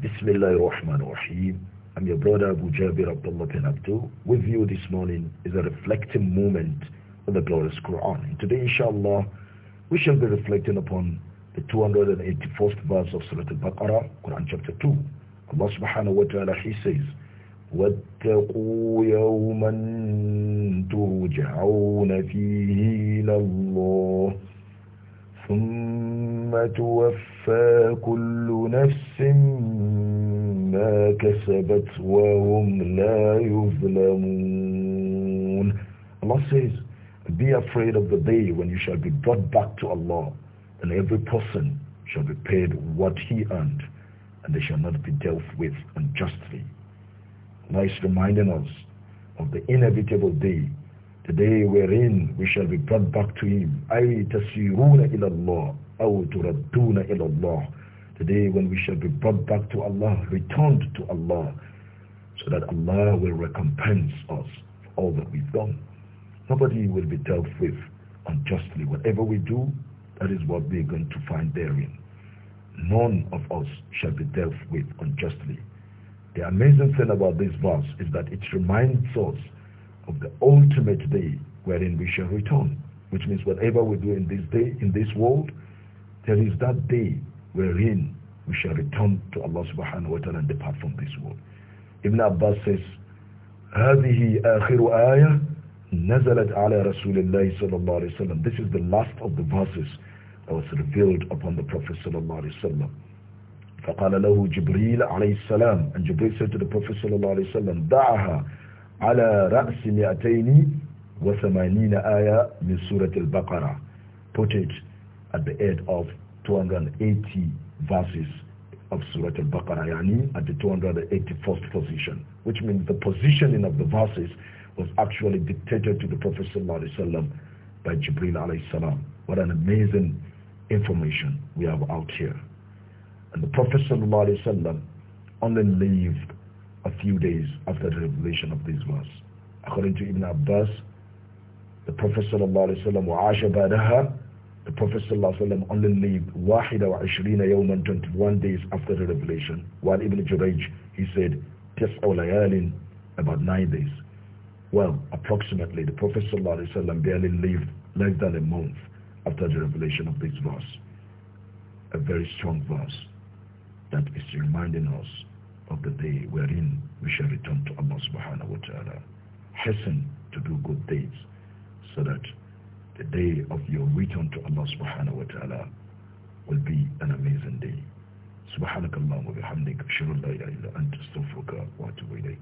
Bismillah ar-Rahman ar-Rahim. I'm your brother Abu Jabir Abdullah bin Abdul. With you this morning is a reflective moment on the glorious Quran. And today, inshallah, we shall be reflecting upon the 281st verse of Surah Al-Baqarah, Quran chapter 2. Allah subhanahu wa ta'ala, he says, واتقوا يوما ترجعون فيه إلى الله ثم توفى كل نفس ما كسبت وهم لا يظلمون Allah says be afraid of the day when you shall be brought back to Allah and every person shall be paid what he earned and they shall not be dealt with unjustly Allah is reminding us of the inevitable day the day wherein we shall be brought back to him أي تسيرون إلى الله أو تردون إلى الله Today when we shall be brought back to Allah, returned to Allah, so that Allah will recompense us for all that we've done. Nobody will be dealt with unjustly. Whatever we do, that is what we're going to find therein. None of us shall be dealt with unjustly. The amazing thing about this verse is that it reminds us of the ultimate day wherein we shall return, which means whatever we do in this day, in this world, there is that day wherein we shall return to Allah subhanahu wa ta'ala and depart from this world. Ibn Abbas says, هذه آخر آية نزلت على رسول الله صلى الله عليه وسلم. This is the last of the verses that was revealed upon the Prophet صلى الله عليه وسلم. فقال له جبريل عليه السلام and Jibril said to the Prophet صلى الله عليه وسلم دعها على رأس مئتين وثمانين آية من سورة البقرة. Put it at the end of 280 verses of Surah Al-Baqarah, yani at the 281st position, which means the positioning of the verses was actually dictated to the Prophet ﷺ by Jibril alayhi What an amazing information we have out here. And the Prophet ﷺ only lived a few days after the revelation of this verse. According to Ibn Abbas, the Prophet ﷺ وَعَاشَ بَعْدَهَا the Prophet ﷺ only lived wahida wa ashrina yawman 21 days after the revelation. While Ibn Juraj, he said, tis'a layalin, about 9 days. Well, approximately, the Prophet ﷺ barely lived less than a month after the revelation of this verse. A very strong verse that is reminding us of the day wherein we shall return to Allah subhanahu wa ta'ala. Hasten to do good deeds so that the day of your return to Allah subhanahu wa ta'ala will be an amazing day. سبحانك اللهم bihamdik اشهد ان لا اله الا